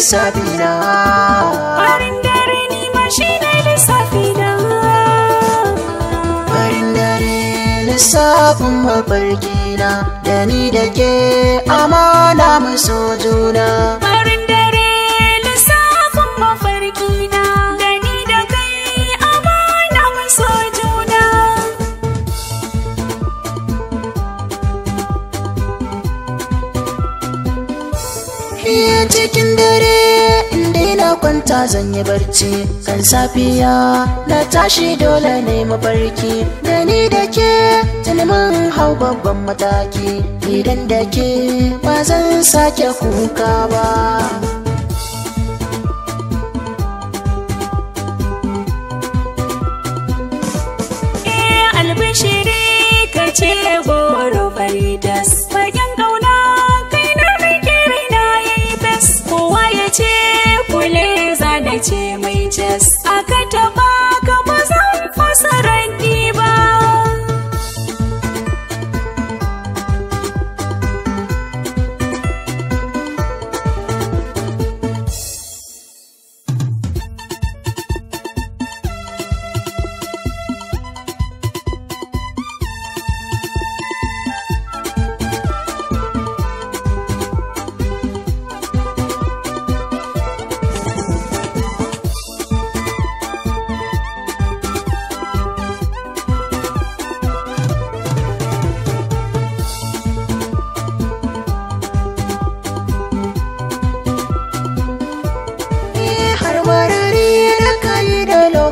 lissafina. farin dare ni ma shi ne lissafi farin dare lissafin mafarkina, na da ni da ke amana mu so juna safiya cikin dare inda na kwanta zan yi barci kan safiya na tashi dole ne mafarki da ni da ke tunanin hau babban mataki idan da ke ba zan sake kuka ba eh, albishiri ka ce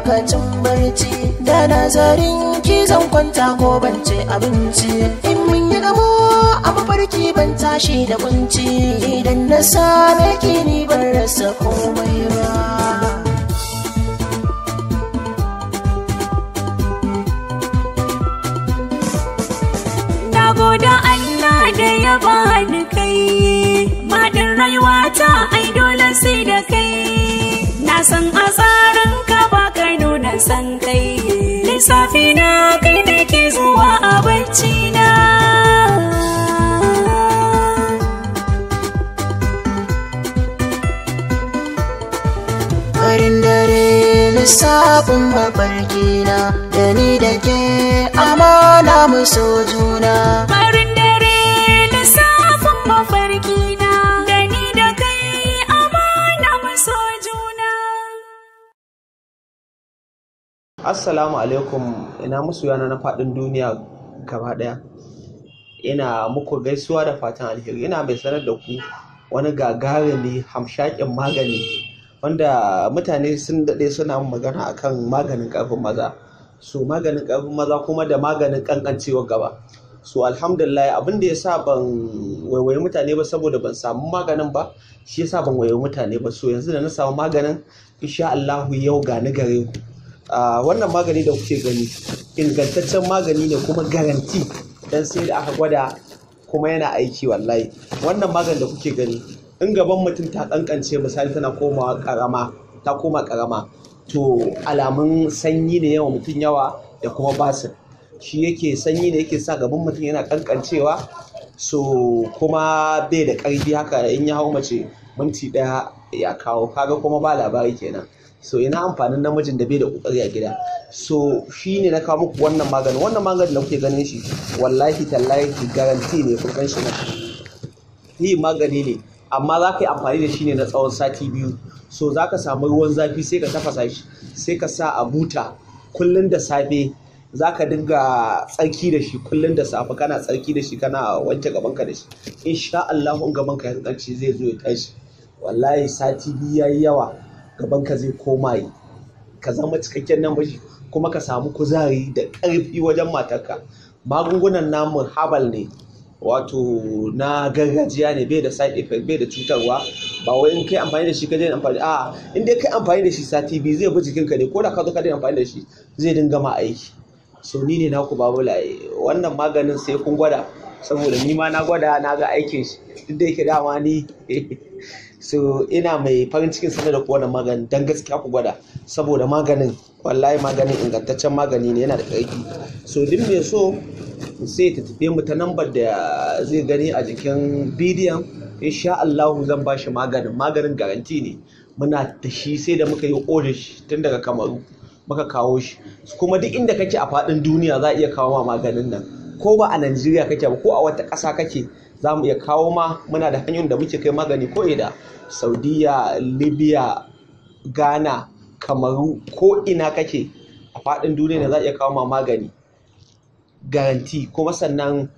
lokacin barci da nazarin ki zan kwanta ko ban abinci in mun yi gamo a mafarki ban tashi da kunci idan na same ki ni ban rasa komai ba goda Allah da ya bani kai madin rayuwata ai dole sai da kai san kai lissafi na kai da ke zuwa a bacci na farin dare lissafin babbar gina, da ni da ke amana mu so juna assalamu alaikum ina musu yana na faɗin duniya gaba ɗaya ina muku gaisuwa da fatan alheri ina mai sanar da ku wani gagarumi hamshakin magani wanda mutane sun daɗe suna magana akan maganin ƙarfin maza su maganin ƙarfin maza kuma da maganin ƙanƙancewar gaba Su alhamdulillah abin da ya sa ban waiwayi mutane ba saboda ban samu maganin ba shi ya sa ban waiwaye mutane ba so yanzu da na samu maganin insha Allahu yau gani gare ku wannan magani da kuke gani ingantaccen magani ne kuma garanti dan sai da aka gwada kuma yana aiki wallahi wannan magani da kuke gani in gaban mutum ta kankance misali tana komawa karama ta koma karama to alamun sanyi ne yawa mutum yawa da kuma basir shi yake sanyi ne yake sa gaban mutum yana kankancewa so kuma bai da karfi haka in ya hau mace minti daya ya kawo kaga kuma ba labari kenan so ina amfanin namijin da bai da kokari a gida so shi ne na kawo muku wannan maganin wannan maganin da kuke ganin shi wallahi tallahi garanti ne kun shi na yi magani ne amma za ka yi amfani da shi ne na tsawon sati biyu so za ka samu ruwan zafi sai ka tafasa shi sai ka sa a buta kullum da safe za ka dinga tsarki da shi kullum da safe kana tsarki da shi kana wanke gabanka da shi insha Allah in gabanka ya tsarki zai zo ya tashi wallahi sati biyu ya yi yawa gaban ka zai koma yi ka zama cikakken namiji kuma ka samu kuzari da ƙarfi wajen matarka magungunan namun habal ne wato na gargajiya ne bai da side effect bai da cutarwa ba wai in kai amfani da shi ka je amfani a in dai kai amfani da shi sati biyu zai bi jikinka ne ko da ka zo ka amfani da shi zai dinga ma aiki so ni ne naku babu wannan maganin sai kun gwada saboda ni ma na gwada na ga aikin shi duk da yake dama ni so ina mai farin cikin sanar da kowane magani don gaskiya ku gwada saboda maganin wallahi maganin ingantaccen magani ne yana da ƙarfi so duk mai so sai ta tafi mu ta lambar da zai gani a jikin bidiyon insha Allahu zan ba shi maganin maganin garanti ne muna da shi sai da muka yi order shi tun daga kamaru muka kawo shi kuma duk inda kake a faɗin duniya za a iya kawo ma maganin nan ko ba a Najeriya kake ba ko a wata ƙasa kake za mu iya kawo ma muna da hanyoyin da muke kai magani ko da Saudiya Libya Ghana Kamaru ko ina kake a faɗin duniya za a iya kawo ma magani garanti kuma sannan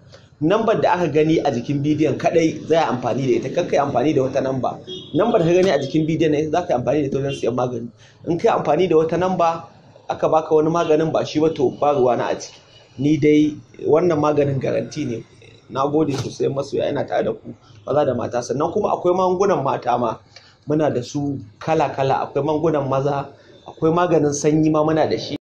nambar da aka gani a jikin bidiyon kadai za a amfani da ita kan kai amfani da wata namba nambar da ka gani a jikin bidiyon ne za ka amfani da ita wajen siyan magani in kai amfani da wata namba aka baka wani maganin ba shi ba to ba ruwa na a ciki ni dai wannan maganin garanti ne na gode sosai masoya yana tare da ku maza da mata sannan kuma akwai magungunan mata ma muna da su kala kala akwai magungunan maza akwai maganin sanyi ma muna da shi